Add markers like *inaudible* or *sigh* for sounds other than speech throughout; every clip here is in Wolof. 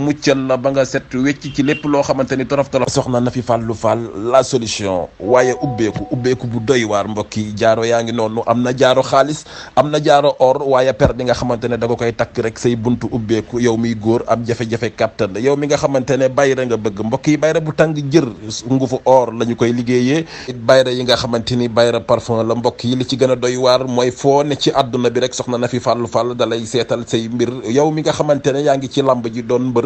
muccal la ba nga set wecc ci lépp loo xamante ni torof torof soxna na fi fàllu fàll la solution waaye ubbeeku ubbeeku bu doy waar mbokk yi jaaro yaa ngi noonu am na jaaro xaalis am na jaaro or waaye per di nga xamante ne da ko koy takk rek say buntu ubbeeku yow miy góor am jafe-jafe kàttan yow mi nga xamante ne bayra nga bëgg mbokk yi bayra bu tàng jër ngufu or la ñu koy liggéeyee it yi nga xamante ni bayra parfum la mbokk yi li ci gën a doy waar mooy foo bi rek soxna na fi fàllu fàll dalay seetal say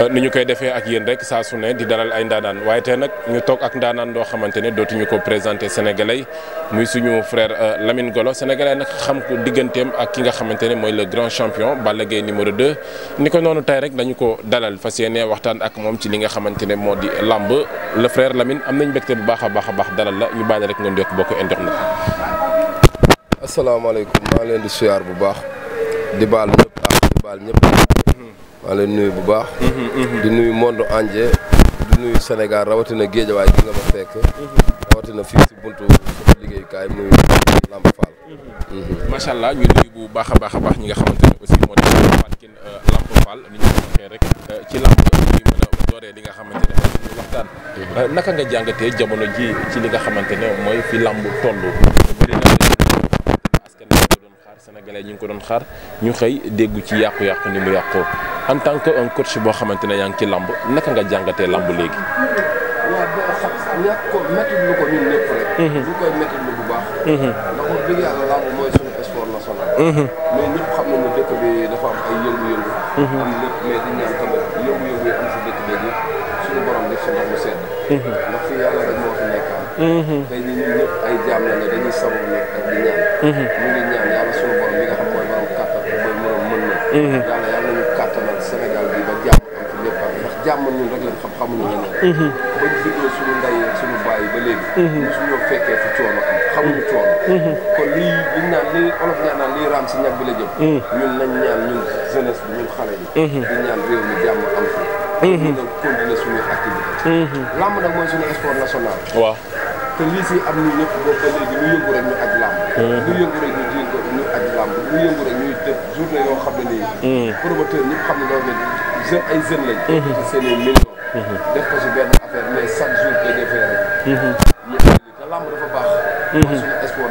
Euh, ni ñu koy defee ak yéen rek saa su ne di dalal ay ndaanaan waaye tey nag ñu toog ak ndaanaan doo xamante ne dootuñu ko présenté sénégalais muy suñu frère euh, Lamine Golo sénégalais nag xam ko digganteem ak ki nga xamante ne mooy la grand champion bala Gaye numéro 2. ni ko noonu tey rek dañu ko dalal fas yéene waxtaan ak moom ci li nga xamante ne moo di làmb le frère Lamine am nañ mbégte bu baax a baax a baax dalal la ñu bàyyi rek nga ndokk bokk internet. asalaamaaleykum maa di siyaar bu baax di baal ñëpp. maa leen nuyu bu baax. di nuyu monde entier. di nuyu Sénégal rawatina géejawaay gi nga ma fekk. rawatina fii si buntu sama liggéeyukaay muy Lamp Fall. macha allah ñu nuyu bu baax a baax a baax ñi nga xamante ne aussi moo di Fatickine euh, Lamp Fall ni ñu ko waxee rek euh, ci lamp bi mën li nga xamante ne euh, naka nga jàngatee jamono ji ci li nga xamante ne mooy fi lamb toll. sénégalais ñu ngi ko doon xaar ñu xëy déggu ci yàqu-yàqu ni mu yàqoo en tant que un coach boo xamante ne yaa ngi ci lamb naka nga jàngatee lamb léegi. ñàkk ko métti lu ko ñun ñëpp lu bu baax. ndax wax dëgg yàlla lamb mooy suñu sport am ndax fi yàlla dañuy sabab ne ak di ñaan. yàlla suñu borom mi nga xam mooy borom kàttan mooy borom mën na mhm. yàlla yàlla nañu kàttanal Sénégal bi ba jàmm am ci lépp am ndax jàmm ñun rek lañ xam xamuñu leneen mhm. bañ juddoo suñu ndey suñu bàyyi ba léegi mhm. suñu fekkee fi coono am xamuñu coono kon lii liñ naan li olof ñaan naan lii raam si ñag bi la jëm ñun nañ ñaan ñun jeunesse bi ñun xale yi di ñaan réew mi jàmm am fi ñu nag continuer suñuy activité lamb nag mooy suñu sport national waaw te lii si am ñun ñëpp boobu ba léegi lu yëngu rek ñu aj làmb mm-hmm. lu yëngu rek ñu ñu aj làmb lu yëngu rek ñuy def journée yoo xam ne nii mm-hmm. promoteur ñëpp xam ne loolu ne ay jeunes lañ mm-hmm. te seen i million def ko si benn a mais chaque jour da ngay fay rek ñu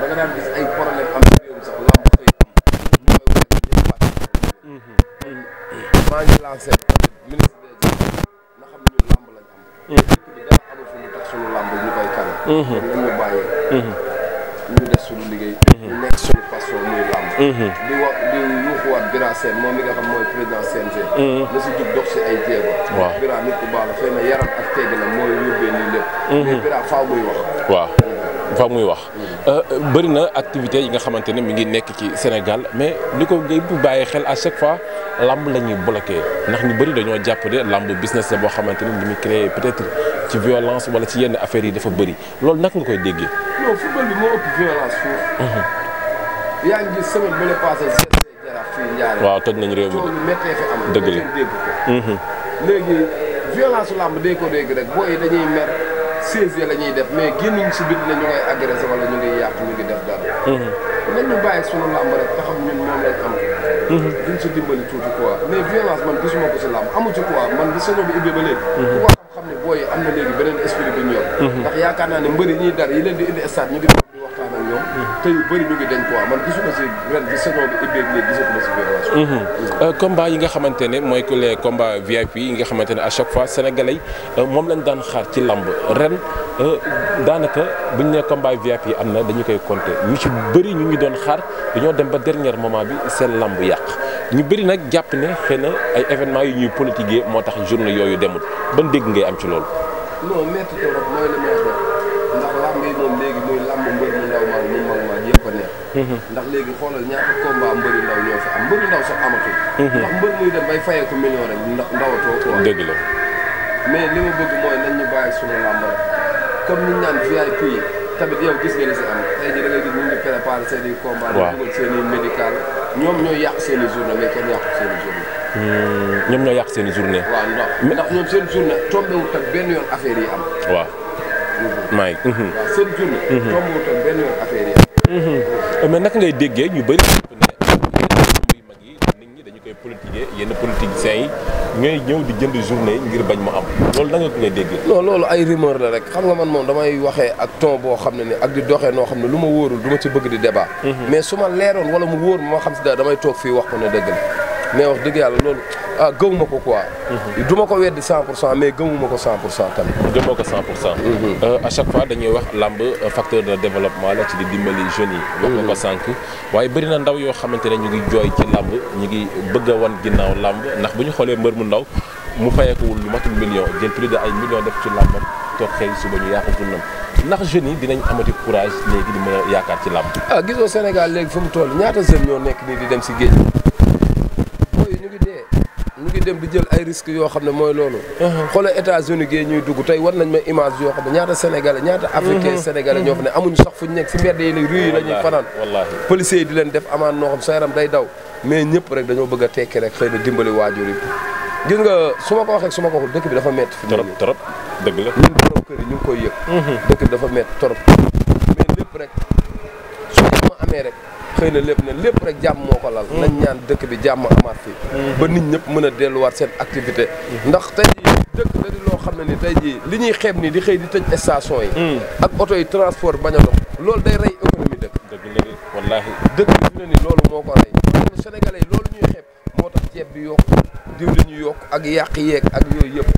te làmb baax kon mm-hmm. nañ mm-hmm. suñu liggéey mm-hmm. ñu nekk suñu façon muy wax di ay jéego muy wax waaw faaw euh, euh, activité yi nga xamante ne mi ngi nekk ci Sénégal mais ni ko ngay bàyyi xel à chaque fois lamb la ñuy bloqué ndax ñu bëri dañoo jàpp de lamb business la boo xamante ne li muy créé ci violence wala ci yenn affaires yi dafa bëri loolu nag nga koy déggee. non football bi moo ëpp violence foofu. Mhm. yaa ngi gis semaine bële passé GCD Jaraaf fii Ndiaye. waaw toj nañ la dégg ko. Mhm. léegi violence làmb day ko dégg rek def mais génnuñ si biti ne ñu ngay agressé wala ñu ngi yàq ñu ngi def dara. Mhm. nañ ñu bàyyi sunu làmb rek nga xam ñun moom lañ am. duñ si dimbali tuuti quoi mais violence man gisuma ko si làmb amu ci quoi man bi saison bi ubbee ba léegi. booy am na léegi beneen esprit bi ñu yor mhm. ndax yaakaar naa ne mbëri ñuy dar yi leen di indi stade ñu ngi di waxtaan ak ñoom mhm. te yu bëri ñu ngi mhm. euh, yi nga xamante ne mooy que les combats yi nga xamante ne à chaque fois sénégalais euh, moom lañ daan xaar ci lamb ren euh, daanaka buñ ñu nee combat VIP yi am na dañu koy compter ñu ci bëri ñu ngi doon xaar dañoo dem ba dernier moment bi seen lamb yàq ñu bëri nag jàpp ne xëy na ay événements yu ñuy politiquer moo tax journée yooyu demul ban dégg ngay am ci loolu. non métti torop mooy la neex ndax làmb moom léegi muy làmb mbër mu ndaw maag mu mag maag mhm. léegi xoolal ñaata combat mbëru ndaw ñoo am mbëru ndaw amatul. Mhm. ndax mbër muy dem bay fayee ko million rek ndax ndawatoo ko. dëgg mais li ma bëgg mooy nañ ñu bàyyi suñu làmb rek comme ñu naan VIP yi tamit yow gis nga li si am tey jii da gis ñu ngi préparé seen i combat. waaw dugal seen i médical. ñoom ñooy yàq seen i journée mais kenn ñoom ñooy yàq seeni i hmm, journée. waaw ñoom seen journée tombé ak benn yoon affaire yi am. waaw. maa ngi. waaw seen hmm. journée. tombé wut ak benn yoon yi hmm. nit ñi dañu ngay déggee ñu bëri. yenn politiciens yi ngay ñëw di jënd journée ngir bañ mu am loolu nanga ko ngay dégg non loolu ay rumeur la rek xam man moom damay waxee ak ton boo xam ne ni ak di doxee noo xam ne lu ma wóorul du ma ci bëgg di débat mhm. mais su ma leeroon wala mu wóor ma xam si dara damay toog fii wax ko ne dëgg la mais wax dëgg yàlla loolu ah gëwuma ko quoi. Mhm. du ma ko weddi 100 pour cent mais gëmuma ko 100 pour cent tamit. gëmoo ko 100 pour cent. Mhm. Euh, à chaque fois wax làmb euh, facteur de développement la ci di dimbali jeunes yi. wax nga ko mhm. sànq waaye bëri na ndaw yoo xamante ne ñu ngi jooy ci làmb ngi bëgg a wan ginnaaw làmb ndax bu ñu xoolee mbër mu ndaw mu fayeekuwul lu matul million jël plus de ay million def ci làmbam toog xëy suba ñu yàqu dundam ndax jeunes yi dinañ amati courage yaakaar ci làmb. ah gisoo Sénégal léegi fu mu toll ñaata jeunes ñoo nekk nii di dem si géej ngi dem di jël ay risques yoo xam ne mooy loolu. Uh-huh. xoolal États-Unis gee ñuy dugg tey war nañ ma image yoo xam ne ñaata sénégalais ñaata uh-huh. africain uh-huh. sénégalais ñoo fa ne amuñu sax fu ñu nekk si mbedd yi la yi la fanaan policiers yi di leen def amaan noo xam sa yaram day daw mais ñëpp rek dañoo bëgg a tekki rek xëy na dimbali waajur yi gis nga su ma ko waxee su ma ko waxul dëkk bi dafa métti fi torop torop dëgg la rek su ma amee rek xëy na lépp na lépp rek jàmm moo ko lal mm. nañ ñaan dëkk bi jàmm amaat fi mm. ba nit ñëpp mën a delluwaat seen activité mm. ndax tey jii dëkk da loo xam ne ni tey jii li ñuy xeeb nii di xëy di tëj station yi ak oto yi transport bañ a dox loolu day rey économie dëkk dëgg la wallaahi dëkk bi fi ne ni loolu moo ko rey loolu loolu ñuy xeeb moo tax ceeb bi yokk diw li ñu yokk ak yàq yeeg ak yooyu yëpp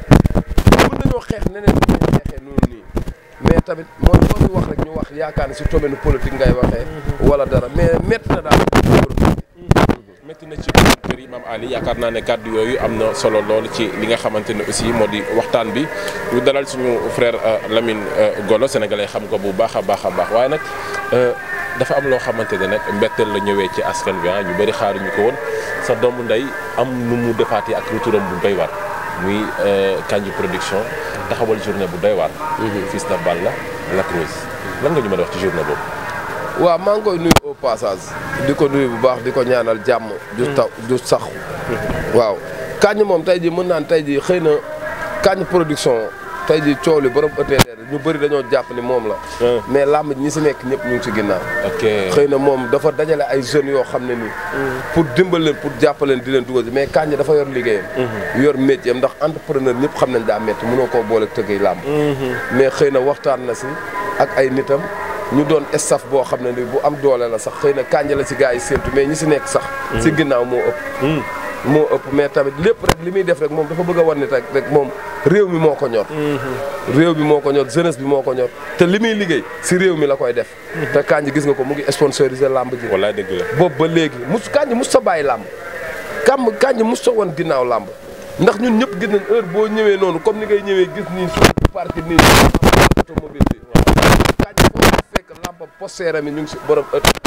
mën nañoo xeex neneen xeexee noonu nii mais tamit mooy loolu wax rek yaakaar ne si domaine politique ngay waxee. wala dara mais métti na daal métti na ci kër Imam Ali yaakaar naa ne kàddu yooyu am na solo lool ci li nga xamante ne aussi moo di waxtaan bi ñu dalal suñu frère euh, Lamine euh, Golo sénégalais xam ko bu baax a baax a baax waaye nag euh, dafa am loo xamante ne nag mbetteel la ñëwee ci askan bi ah. ñu bëri xaaruñu ko woon sa doomu ndey am nu mu defaatee ak retouram bu doy waar muy Kandji Production taxawal journée bu doy pou mm-hmm. fils de Balla Lac lan nga ñu mën a wax boobu. waaw maa ngi koy nuyu au passage. di ko nuyu bu baax di ko ñaanal jàmm. ju hmm. taw ju sax. waaw kañ moom tey jii mën naan tey jii xëy na kañ production tey jii coow li borom ETR ñu bëri dañoo jàpp ni moom la. Hmm. mais làmb ñi si nekk ñëpp ñu ngi si ginnaaw. xëy na moom dafa dajale ay jeunes yoo xam ne nii. Hmm. pour dimbal leen pour jàppal leen di leen dugal mais kañ dafa yor liggéeyam. yor métier ndax entrepreneur ñëpp xam nañ daa métti mënoo koo boole tëggay làmb. mais xëy na waxtaan na si. ak ay nitam ñu doon staff boo xam ne ni bu am doole la sax xëy na kànja la si gars yi séentu mais ñi si nekk sax. si mm. ginnaaw moo ëpp. Mm. moo ëpp mais tamit lépp rek li muy def rek moom dafa bëgg a wan ne rek rek moom réew mi moo ko ñor. Mm-hmm. réew mi moo ko ñor jeunesse bi moo ko ñor te li muy liggéey si réew mi la koy def. Mm-hmm. te Kandji gis nga ko mu ngi sponsorisé làmb ji. wallaay dëgg la boobu ba léegi mus Kandji mus sa bàyyi làmb. kàmb Kandji mus sa wan ginnaaw làmb ndax ñun ñëpp gis nañ heure boo ñëwee noonu comme ni ngay ñëwee gis nii suñu parti nii que lampe posteer mi ñu ngi si borom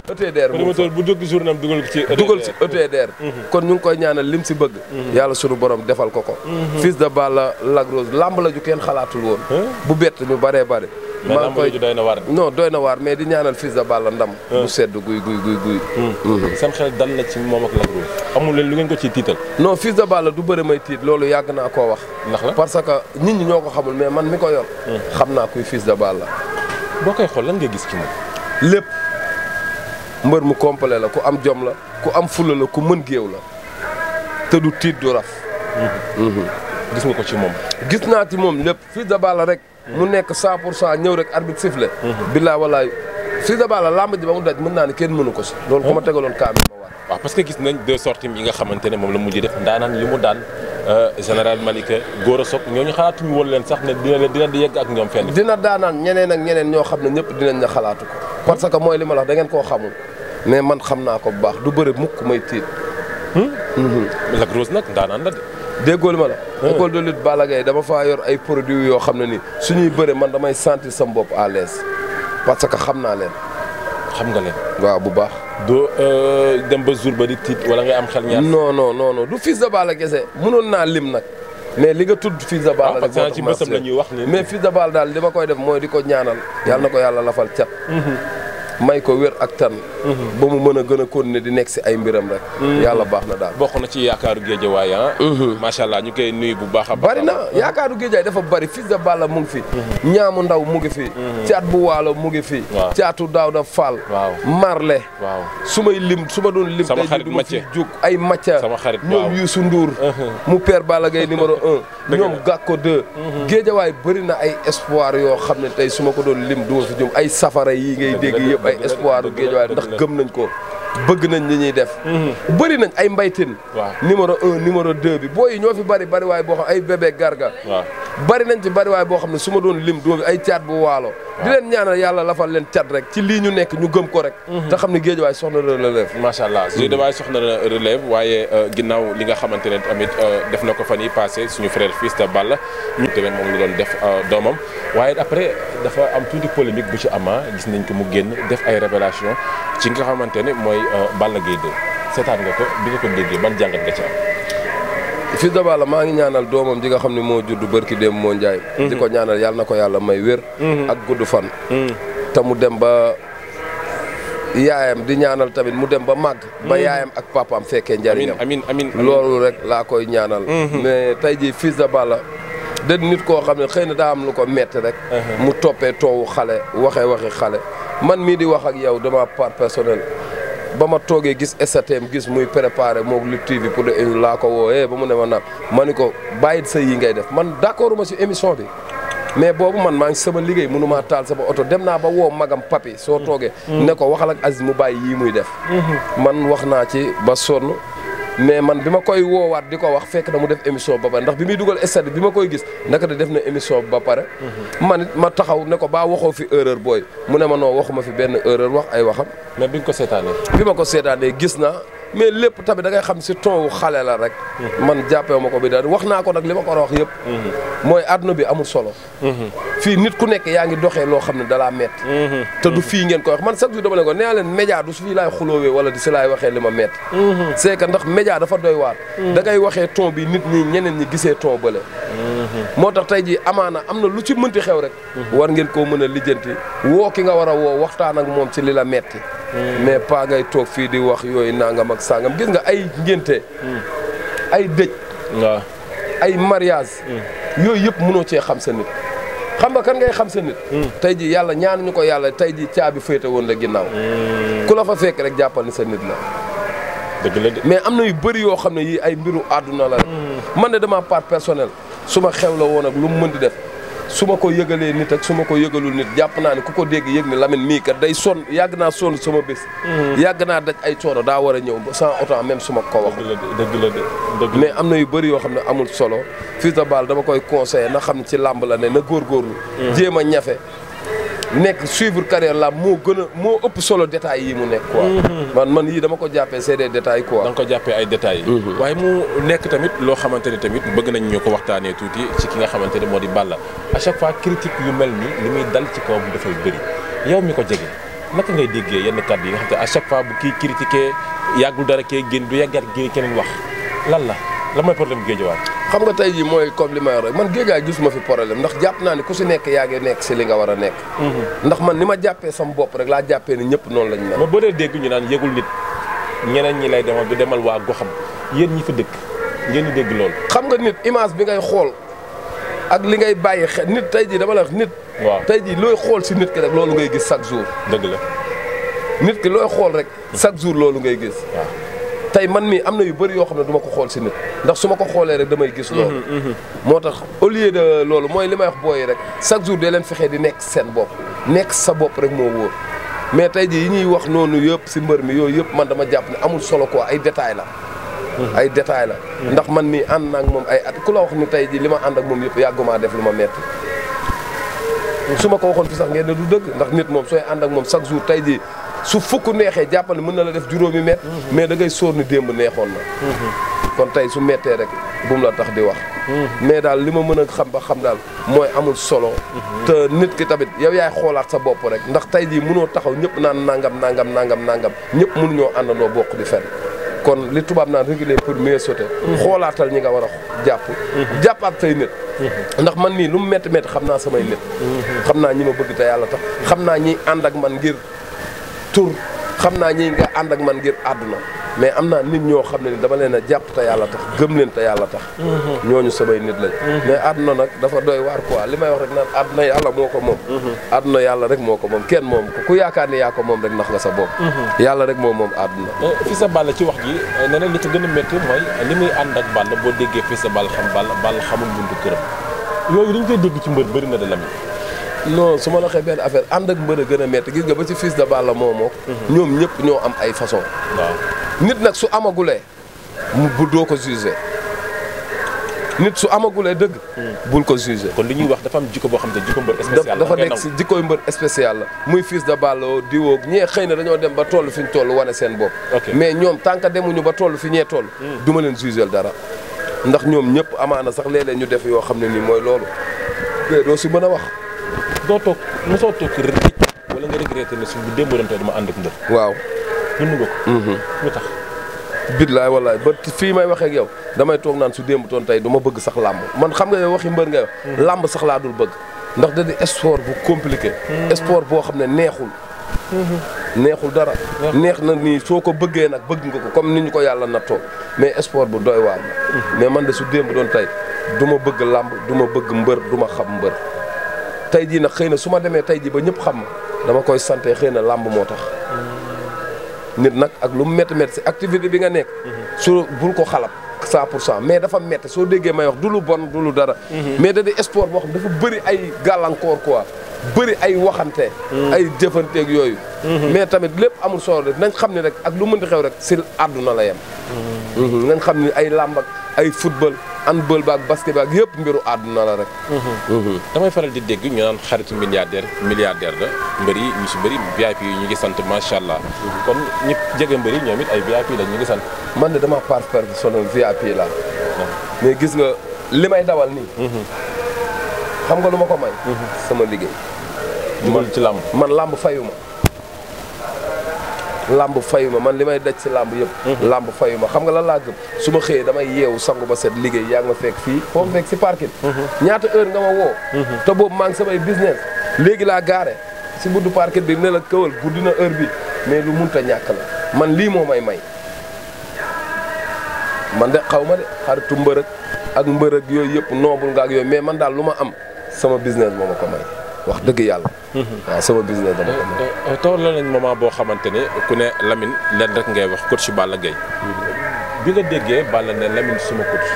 ETDR. E promoteur bu dugg journée am dugal ci ETDR dugal ci ETDR. Mm-hmm. kon ñu ngi koy ñaanal lim si bëgg. Mm-hmm. yàlla sunu borom defal ko ko. Mm-hmm. fils de Balla Lac Rose lamb la ju kenn xalaatul woon. bu bett ñu baree bare. maa ngi koy doy na waar non doy na waar mais di ñaanal fils de Balla ndam. bu sedd guy guy guy guy. Mm. seen xel dal na ci moom ak Lac Rose. amul leen lu ngeen ko ciy tiital. non fils de Balla du bëri may tiit loolu yàgg naa koo wax. ndax la parce que nit ñi ñoo ko xamul mais man mi ko yor. Mm. xam naa kuy fils de Balla boo koy xool lañ nga gis ci moom. lépp mbër mu complet la ku am jom la ku am fulla la ku mën géew la te du tiit du raf. Mm-hmm. Mm-hmm. gis nga ko ci moom. gis naa ci moom lépp Fils de Balla rek. mu mm-hmm. nekk 100 pour cent ñëw rek arbitre sifflé. billaay walaay ba mu daj mën naa ne kenn mënu ko si. loolu ku ma oh. tegaloon kaamil ma war. parce que gis nañ deux sorties yi nga xamante ne moom la mujj def ndaanaan li mu daan. Euh, général Malick Gora Sock ñooñu xalaatuñu woon leen sax ne dina dina di yegg ak ñoom fenn. dina daanaan ñeneen ak ñeneen ñoo xam ne ñëpp dinañ la xalaatu ko. parce que mooy li ma la wax da ngeen koo xamul. mais man xam naa ko bu baax du bëre mukk may tiit. Hmm? Mhm. Lac Rose nag daanaan la de. déggoo li ma la. Hmm. école de lutte Balla Gaye dama faa yor ay produit yoo xam ne nii suñuy bëre man damay santi sama bopp à l'aise parce que xam naa leen. xam nga leen waaw bu baax. doo euh, dem ba jour ba di tiit wala ngay am xel ñaar. non non non non du a de Balla kese mënoon naa lim nag mais li nga tudd Fils de Balla. Ah, rek moo ci la ñuy wax ni mais Fils de Balla daal li ma koy def mooy di ko ñaanal. yàlla na ko yàlla lafal cat. Mhm. may ko wér ak tan mhm. ba mu mën a gën a continuer di nekk si ay mbiram rek mhm. yàlla baax na daal bokk na ci yaakaaru géejawaay ah mhm. macha allah ñu koy nuyu bu baax a bari na yaakaaru géejawaay dafa bari fils de mu ngi fi ñaamu ndaw mu ngi fi caat bu waalo mu ngi fi caatu daaw da faal waaw marle waaw su may lim su ma doon lim sama xarit macce jug ay macca sama ñoom Youssou Ndour mu père Balla Gaye numéro un *laughs* ñoom Gàkko deux géejawaay bëri na ay espoir yoo xam ne tey su ma ko doon lim du ma ay safara yi ngay dégg yëpp ay espoir u géejawaay ndax gëm nañ ko bëgg nañ li ñuy def mhm. bëri nañ ay mbaytin numéro un numéro deux bi booy yi ñoo fi bëri bëri waay boo xam ay bébé garga bëri nañ ci bëri waay boo xam ne su ma doon lim doo ay caat bu waalo di leen ñaanal yàlla lafal leen cat rek ci lii ñu nekk ñu gëm ko rek mhm. te xam ne géejawaay soxna relève macha allah mhm. géejawaay soxna relève waaye euh, ginnaaw li nga xamante ne tamit euh, def na ko fa yi passé suñu frère fils de ñu tamit moom la doon def euh, waaye après dafa am tuuti polémique bu ci ama ah, gis nañ ko mu génn def ay révélation ci nga xamante ne mooy euh, Balla Gaye 2 seetaan nga ko bi ko déggee ban jàngat nga ci am. fils de Balla maa ngi ñaanal doomam ji nga xam ne moo juddu barki démb moo njaay. Mhm. di ko ñaanal yàlla na ko yàlla may wér. Mhm. ak gudd fan. Mhm. te mu dem ba. yaayam di ñaanal tamit mu dem ba màgg. ba yaayam ak papaam fekkee njariñam. amiin amiin amiin loolu rek laa koy ñaanal. mais tey jii fils de Balla da nit koo xam ne xëy na daa am lu ko metti rek. Uh-huh. mu toppee toowu xale waxee waxi xale. man mii di wax ak yow dama part personnel ba ma toogee gis STM gis muy préparé moo lu TV pour laa ko wooyee ba mu ne ma naan ma ni ko bàyyi sa yi ngay def man d'accord ma si émission bi. mais boobu man maa ngi sama liggéey mënu maa taal sama oto dem naa ba woo magam papi soo toogee. Mm-hmm. ne ko waxal ak Aziz mu bàyyi yii muy def. Mm-hmm. man wax naa ci ba sonn. mais man bi ma koy woowaat di ko wax fekk na mu def émission ba pare ndax bi muy dugal stade bi ma koy gis naka da def na émission ba pare. Mhm. man ma taxaw ne ko baa waxoo fi erreur booy mu ne ma noo waxuma fi benn erreur wax ay waxam. mais bi nga ko seetaanee. bi ma ko seetaanee gis naa. mais lépp tamit da ngay xam si ton wu xale la rek. man jàppee ma ko bi daal wax naa ko nag li ma ko war a wax yëpp. mooy àdduna bi amul solo. fii nit ku nekk yaa ngi doxee loo xam ne dalaa metti te du fii ngeen koy wax man chaque jour dama leen ko nee leen média su fii laay xuloowee wala di si laay waxee li ma metti c'est que ndax média dafa doy waar. da waxee ton bi nit ñi ñeneen ñi gisee ton bële. moo tax tey jii amaana am na lu ci mënti xew rek. war ngeen koo mën a lijjanti woo ki nga war a woo waxtaan ak moom ci li la metti mais pas ngay toog fii di wax yooyu nangam ak sangam gis nga ay ngénte ay dëj ay mariage yooyu yëpp mënoo cee xam sa nit xam nga kan ngay xam sa nit hmm. tey ji yàlla ñaanuñu ko yàlla tey ji caabi féete woon la ginnaaw hmm. ku la fa fekk rek jàppal ni sa nit la la mais am na yu bëri yoo xam ne yii ay mbiru àdduna la rek hmm. man de dama part personnel su ma xew la woon ak lu mu mën di def su ma ko yëgalee nit ak su ma ko yëgalul nit jàpp naa ne ku ko dégg yëg ne Lamine mii kat day sonn yàgg naa sonn sama bés. Mhm. yàgg naa daj ay coono daa war a ñëw sans autant même su ma ko wax. dëgg la dëgg mais am na yu bëri yoo xam ne amul solo Fils de Balla dama koy conseillé na xam ci làmb la ne na góorgóorlu. Mhm. jéem a ñafe. nekk suivre carrière la moo gën a moo ëpp solo détails yi mu nekk quoi. Mhm. man man yii dama ko jàppee c'est des ko quoi. da ko jàppee ay détails. Mhm. waaye mu nekk tamit loo xamante ne tamit bëgg nañ ñu ko waxtaanee tuuti ci ki nga xamante ne moo di Balla à chaque fois critique yu mel nii li muy dal ci kawam dafay bëri yow mi ko jege naka ngay déggee yenn kàddu yi nga xam te à chaque fois bu kii critiqué yàggul dara kee génn du yàggaat génn keneen wax lan la la mooy problème géejawaay. xam nga tey jii mooy comme li may rek man géejaay gisuma fi problème ndax jàpp naa ne ku si nekk yaa ngi nekk si li nga war a nekk. Mhm. ndax man ni ma jàppee sam bopp rek laa jàppee ni ñëpp noonu lañ mel. ma bëree dégg ñu naan yëgul nit ñeneen ñi lay demal du demal waa goxam yéen ñi fa dëkk ngeen di dégg loolu. xam nga nit image bi ngay xool ak li ngay bàyyi xel nit tey jii dama la nit. waaw tey jii looy xool si nit ki rek loolu ngay gis chaque jour. dëgg la nit ki looy xool chaque jour loolu ngay gis. tey man mii am na yu bëri yoo xam ne du ma ko xool si nit ndax su ma ko xoolee rek damay gis loolu mm-hmm, mm-hmm. moo tax au lieu de loolu mooy li may wax booyi rek chaque jour dee leen fexee di nekk seen bopp nekk sa bopp rek moo wóor mais tey ji yi ñuy wax noonu yëpp si mbër mi yooyu yëpp man dama jàpp ne amul solo ko ay détails la mm-hmm. ay détails la ndax man mii ànd naa moom ay at ku la wax ni tey jii li ma ànd ak moom yëpp yàggumaa def lu ma metti su ma ko waxoon fi sax ngeen ne du dëgg ndax nit moom sooy moom chaque jour tey jii su fukk neexee jàppal mën na la def juróomi mètre. mais dangay soor sóor ni démb neexoon na. kon tey su mettee rek bu mu la tax di wax. mais daal li ma mën a xam ba xam daal mooy amul solo. te nit ki tamit yow yaay xoolaat sa bopp rek ndax tey jii mënoo taxaw ñëpp naan nangam nangam nangam nangam ñëpp mënuñoo àndandoo bokk di fen kon li tubaab naan réguler pour mi mieux sauter. xoolaatal ñi nga war a jàpp. jàppaat say nit. ndax man mii lu mu métti métti xam naa samay xam naa ñi ma bëgg yàlla tax xam naa ñiy ànd ak man ngir. tur xam naa ñi nga ànd ak man ngir àdduna mais am naa nit ñoo xam ne ni dama leen a jàpp te yàlla tax gëm leen te yàlla tax mhm. ñooñu samay nit lañ mhm. mais àdduna nag dafa doy waar quoi li may wax rek naan àdduna yàlla ko moom mhm. àdduna yàlla rek moo ko moom kenn moom ko ku yaakaar ni yaa ko moom rek nax nga sa bopp yàlla rek moom moom àdduna eh, Fils de Balla ci wax ji eh, nee na li ci gën a métti mooy eh, li muy ànd ak Balla boo déggee Fils de Balla xam Balla Balla xamul buntu këram yooyu dañ koy dégg ci mbër bëri na de la non su ma la waxee benn affaire ànd ak mbër a gën a metti gis nga ba ci fils de Balla moomoo mhm. ñoom ñëpp ñoo am ay façon waaw nit nag su amagulee bu doo ko jugé nit su amagulee dëgg. Mhm. bul ko jugé. kon li ñuy wax dafa am jikko boo xam ne jikko mbër spécial dafa nekk si jikkoy mbër spécial la. muy fils de na dañoo dem ba toll fi ñu toll wane seen bopp. mais ñoom tant que demuñu ba toll fi ñee toll. Mhm. du ma leen jugé dara. ndax ñoom ñëpp amaana sax léeg ñu def yoo xam ne nii mooy loolu. doo si mën a wax. doo toog mosoo toog rëcc wala nga regretté ne suñ bu démb doon tey dama ànd ak waaw dund nga ko. Mhm. lu tax. billaay wallaay ba fii may waxee yow damay toog naan su démb toon tey du ma bëgg sax làmb man xam nga yow waxi mbër nga yow. Mhm. làmb sax laa dul bëgg. ndax da di sport bu compliqué. Mhm. sport boo xam ne neexul. neexul dara. neex na nii soo ko bëggee nag bëgg nga ko comme ni ñu ko yàlla na toog mais sport bu doy waar la. mais man de su démb doon tey du ma bëgg làmb du ma bëgg mbër du ma xam mbër. tey jii nag xëy na su ma demee tey jii ba ñëpp xam dama koy sante xëy na làmb moo tax nit nag ak lu mu métti si activité bi nga nekk su bul ko xalab cent pour cent mais dafa métti soo déggee may wax du lu bon du lu dara mhm. mais da di sport boo xam dafa bëri ay gàllankoor quoi bëri ay waxante mhm. ay jëfanteeg yooyu mhm. mais tamit lépp amul solo rek nañ xam ne rek ak lu mënti xew rek si àdduna la yem nañ xam ne ay làmb ak ay football handball baag basket baag yëpp mbiru àdduna la rek. Mhm. Mhm. damay faral di dégg ñu naan xaritu milliardaire milliardaire la mbëri ñu si bëri VIP yi ñu ngi sant macha allah. Mhm. kon ñi jege mbëri ñoom it ay VIP la ñu ngi sant. man de dama part personnel VIP la ah. mais gis nga li may dawal nii. xam nga lu ma ko may. sama liggéey. dugal ci làmb man làmb fayu ma. làmb fayu ma man li may daj si làmb yëpp mhm. làmb fayu ma xam nga lan laa su ma xëyee damay yeewu sangu ba set liggéey yaa nga ma fekk fii foo ma fekk si parking mhm. ñaata heure nga ma woo mhm. te boobu maa samay business léegi laa gaare si buddu parking bi ne la këwal guddi na heure bi mais lu munta ñàkk la man lii moo may may man de xaw ma de xaritu mbërëg ak mbërëg yooyu yëpp noobul nga ak yooyu mais man daal lu ma am sama business moom ma ko may wax dëgg yàlla. waaw sama business dama ko. Euh, tawalal nañ moment boo xamante ne ku ne Lamine leen rek ngay wax coach Balla Gaye bi nga déggee Balla ne Lamine suma coach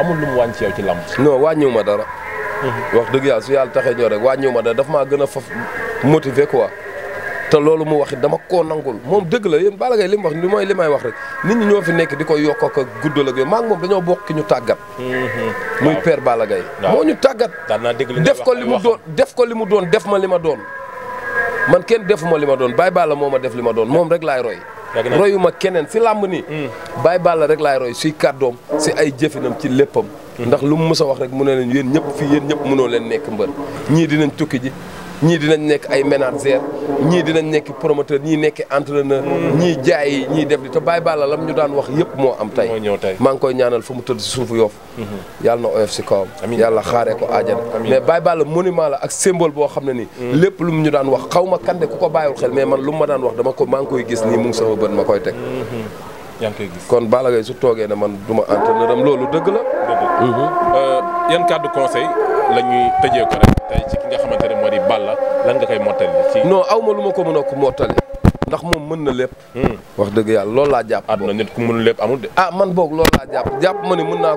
amul lu mu wàññi ci yow ci làmb. non wàññiwu ma dara. Mhm. wax dëgg yàlla su yàlla taxee ñëw rek wàññiwu ma dara dafa maa gën a faf motiver quoi. te loolu mu wax dama koo nangul moom dëgg la yéen Balla Gaye li mu wax li mooy li may wax rek nit ñi ñoo fi nekk di ko yokk ko guddal ak yooyu maa ngi moom dañoo bokk ñu tàggat. Mm-hmm. muy père Balla Gaye moo ñu tàggat. def ko li mu doon def ko li mu doon def ma li ma doon. man kenn defuma li ma doon baay Balla moo ma def li ma doon moom rek laay roy. royuma keneen si làmb nii. Mm. Baye Balla rek laay roy si kàddoom si ay jëfinam ci léppam. Mm. ndax lu mu mës a wax rek mu ne leen yéen ñëpp fii yéen ñëpp mënoo leen nekk mbër ñii dinañ tukki ji ñii dinañ nekk ay manager ñii dinañ nekk promoteur ñii nekk entraîneur ñii jaay ñii def li te Baye Balla lam ñu daan wax yëpp moo am tey maa ngi koy ñaanal fu mu tëdd si suufu yoof mhm. yàlla na oyof si kawam yàlla xaare ko aajana mais Baye Balla monument la ak symbole boo xam ne nii mhm. lépp lu mu ñu daan wax xaw ma kan de ku ko bàyyiwul xel mais man lu ma daan wax dama ko maa ngi koy gis nii mu ngi sama ma koy teg mhm. yaa ngi koy gis kon Balla Gaye su toogee ne man du ma entraîneur am loolu dëgg la. dëgg la euh, yan conseil la ñuy tey ci ki nga xamante ne moo di Balla lan nga koy mottali ci. non aw ma lu a ko mottali ndax moom mën na lépp. Hmm. wax dëgg yàlla ah,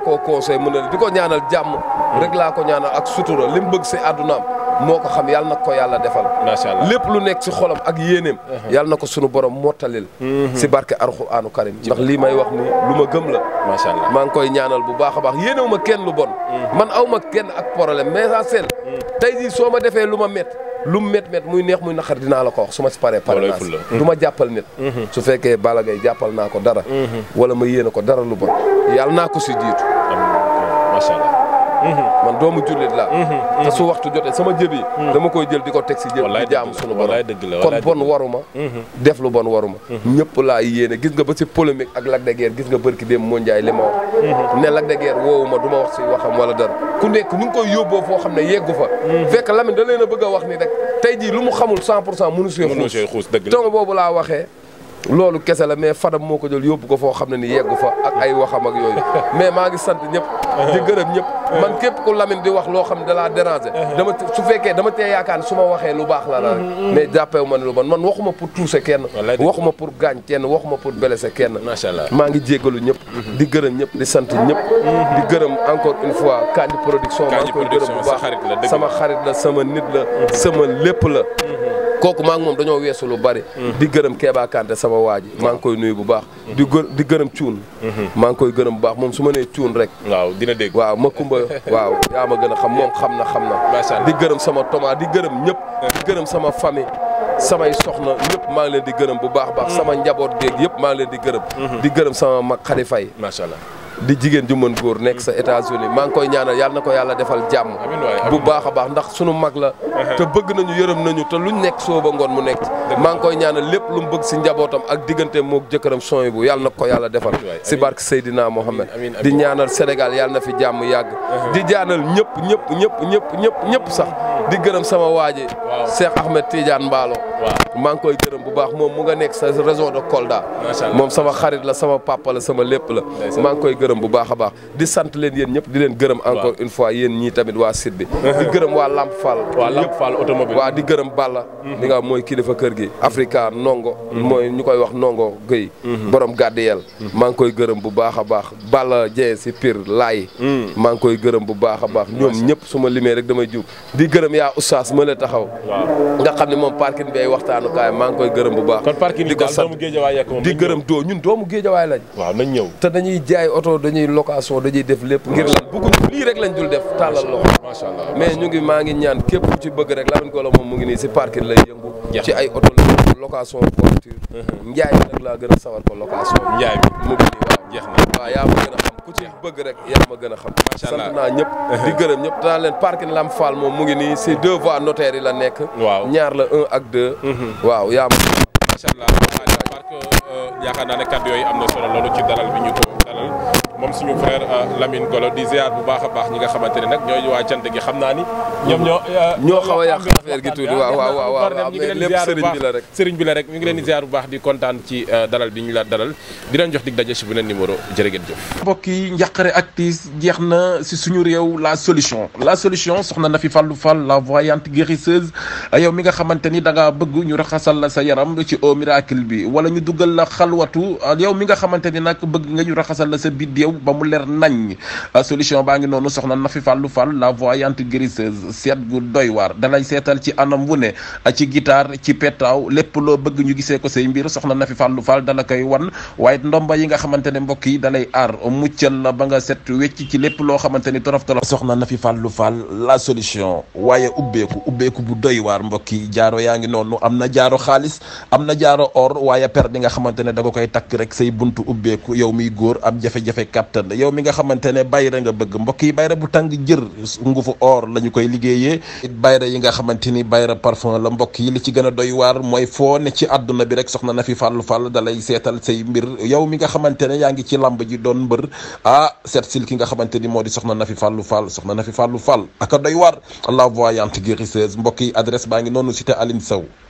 ko ñaanal jàmm. Hmm. ak sutura li mu bëgg si àddunaam moo ko xam yàlla na ko yàlla defal. macha allah lépp lu nekk si xolam ak yéeneem. Uh-huh. yal na ko sunu borom mottalil. Hmm. si barke alxuraanu karim. ndax lii may wax nii lu ma gëm la. macha maa ngi koy ñaanal bu baax a baax kenn lu bon. man aw ma kenn ak problème mais essentiel. tey soo ma defee lu ma mett lu mu mett muy neex muy naqar dinaa la ko wax su si paree pare naa si du ma jàppal nit mhm. su fekkee Balla Gaye jàppal naa ko dara mhm. wala ma yéene ko dara lu bon yàlla naa ko si jiitu Mm-hmm. man doomu jullit la mm-hmm. Mm-hmm. te su waxtu jotee sama jëb dama koy jël di ko teg si jëb di sunu borom kon bon waruma def lu bon waruma ñëpp laa yéene gis nga ba si polémique ak Lac gis nga bërki dem moo njaay li ma wax ne Lac de Guiers woowu ma du ma wax si waxam wala dara ku nekk ñu koy yóbboo foo xam ne yeggu fa fekk Lamine da leen a bëgg a wax ni rek tey jii lu mu xamul cent pour cent mënu si xuus xuus boobu laa waxee loolu kese la mais Fadam moo ko jël yóbbu ko foo xam ne ni yeggu fa ak ay waxam ak yooyu *laughs* mais maa ngi sant ñëpp di gërëm ñëpp man képp ku Lamine di wax loo xam ne dalaa déranger uh-huh. dama su fekkee dama tee yaakaar su ma waxee lu baax la mm-hmm. mais jàppewu ma ne lu bon man waxuma pour toucher kenn waxuma pour gaañ kenn waxuma pour blesser kenn macha allah maa ngi jéggalu ñëpp mm-hmm. di gërëm ñëpp di sant ñëpp mm-hmm. di gërëm encore une fois Kandji Production maa ngi koy gërëm bu baax sama xarit la sama nit la sama lépp la kooku maa ngi moom dañoo weesu lu bari. di gërëm Kéba sama waa ji maa ngi koy nuyu bu baax. di gë di gërëm cuun. maa ngi koy gërëm bu baax moom su ma nee cuun rek. waaw dina dégg waaw ma kumba waaw yaa ma gën a xam moom xam na xam na. di gërëm sama toma di gërëm ñëpp. di gërëm sama famille. samay soxna ñëpp maa ngi leen di gërëm bu baax baax. Mm. sama njaboot géeg yëpp maa leen di gërëm. Mm-hmm. di gërëm sama mag Xadi Fay. macha allah di jigéen ju mën góor nekk sa États-Unis maa ngi koy ñaanal yàlla na ko yàlla defal jàmm bu baax a baax ndax sunu mag la uh-huh. te bëgg nañu yërëm nañu te luñ nekk sooba ngoon mu nekk maa ngi koy ñaanal lépp lu mu bëgg si njabootam ak diggante moog jëkkëram sony bu yàlla na ko yàlla defal si barke Seydina Mohamed di ñaanal Sénégal yàlla na fi jàmm yàgg uh-huh. di jaanal ñëpp ñëpp ñëpp ñëpp ñëpp ñëpp sax uh-huh. di gërëm sama waaji Cheikh Ahmed tiijaan Mballo maa ngi koy gërëm bu baax moom mu nga nekk sa région de Kolda moom sama xarit la sama papa sama lépp la gërëm bu baax a baax di sant leen yéen ñëpp di leen gërëm encore une fois yéen ñii tamit waa site bi uh-huh. di gërëm waa Lamp Fall waa di gërëm Balla li mm-hmm. nga mooy kilifa kër gi mm-hmm. Africa Nongo mm-hmm. mooy ñu koy wax Nongo Gueye borom gàddiyel maa ngi koy gërëm bu baax a baax Balla Dieng si Pire Laay mm. maa ngi koy gërëm bu baax a baax ñoom ñëpp su ma limee rek damay jub di gërëm yaa oustaz ma la taxaw nga xam ne moom parking bi ay waxtaanu kaay maa ngi koy gërëm bu baax di ko sant di gërëm doo ñun doomu géejawaay lañ waaw nañ ñëw te dañuy looloo dañuy location dañuy def lépp ngir lan bëgguñu lii rek lañ dul def tàllal loxo macha allah mais ñu ngi maa ngi ñaan képp ku ci bëgg rek Lamine Golo moom mu ngi nii si parking lay yëngu ci ay oto la location voiture mhm. njaay bi nag laa gën a sawar a xam ku ci bëgg rek yaa ma gën a xam macha allah sant naa ñëpp mhm. di gërëm a danaa leen parking Lam Fall moom mu ngi nii si deux voies notaires la nekk waaw ñaar la un ak deux mhm. waaw yaa ma macha allah parce que euh, yaakaar naa ne yooyu am na solo loolu ci dalal bi ñu ko moom suñu frère euh, Lamine Golo di ziar bu baax a baax ñi nga xamante ne nag ñooy waa cant gi xam naa ni. ñoom ñoo euh, ñoo xaw a yàq affaire gi tuuti waaw waaw waaw mais lépp bi la rek sëriñ ñu ngi leen di ziar bu baax di kontaan ci euh, dalal bi ñu leen jox dig daje si beneen numéro jërë ngeen jëf. mbokk yi jeex na si suñu réew la solution la solution soxna na fi fàllu fàll la voyante guérisseuse yow mi nga xamante ni da ngaa bëgg ñu raxasal la sa yaram ci au miracle bi wala ñu duggal la xalwatu yow mi nga xamante ni nag bëgg nga ñu raxasal la sa biddeew ba mu leer nañ euh, solution baa ngi noonu soxna Nafi Fallou Fall la voyante guérisseuse seet gu doy waar dalay seetal ci anam wu ne euh, ci guitare ci petaaw lépp loo bëgg ñu gisee ko say mbir soxna Nafi Fallou Fall dala koy wan waaye ndomba yi nga xamante ne mbokk yi dalay aar muccal la ba nga set wecc ci lépp loo xamante ni torof torof soxna Nafi Fallou Fall la solution waaye ubbeeku ubbeeku bu doy waar mbokk yi jaaro yaa ngi noonu am na jaaro xaalis am na jaaro or waaye per bi xamante ne da koy takk rek say buntu ubbeeku yow miy góor am jafe kattan yow mi nga xamante ne bayra nga bëgg mbokk yi bayra bu tàng jër ngufu or la ñu koy liggéeyee it bayra yi nga xamante ni bayra parfum la mbokk yi li ci gën a doy waar mooy foo ne ci àdduna bi rek soxna na fi fàllu fàll dalay seetal say mbir yow mi nga xamante ne yaa ngi ci làmb ji doon mbër ah seet sil ki nga xamante ni moo di soxna na fi fàllu fàll soxna na fi fàllu fàll aka doy waar la voyante guérisseuse mbokk yi adresse baa ngi noonu si cité Aline Sow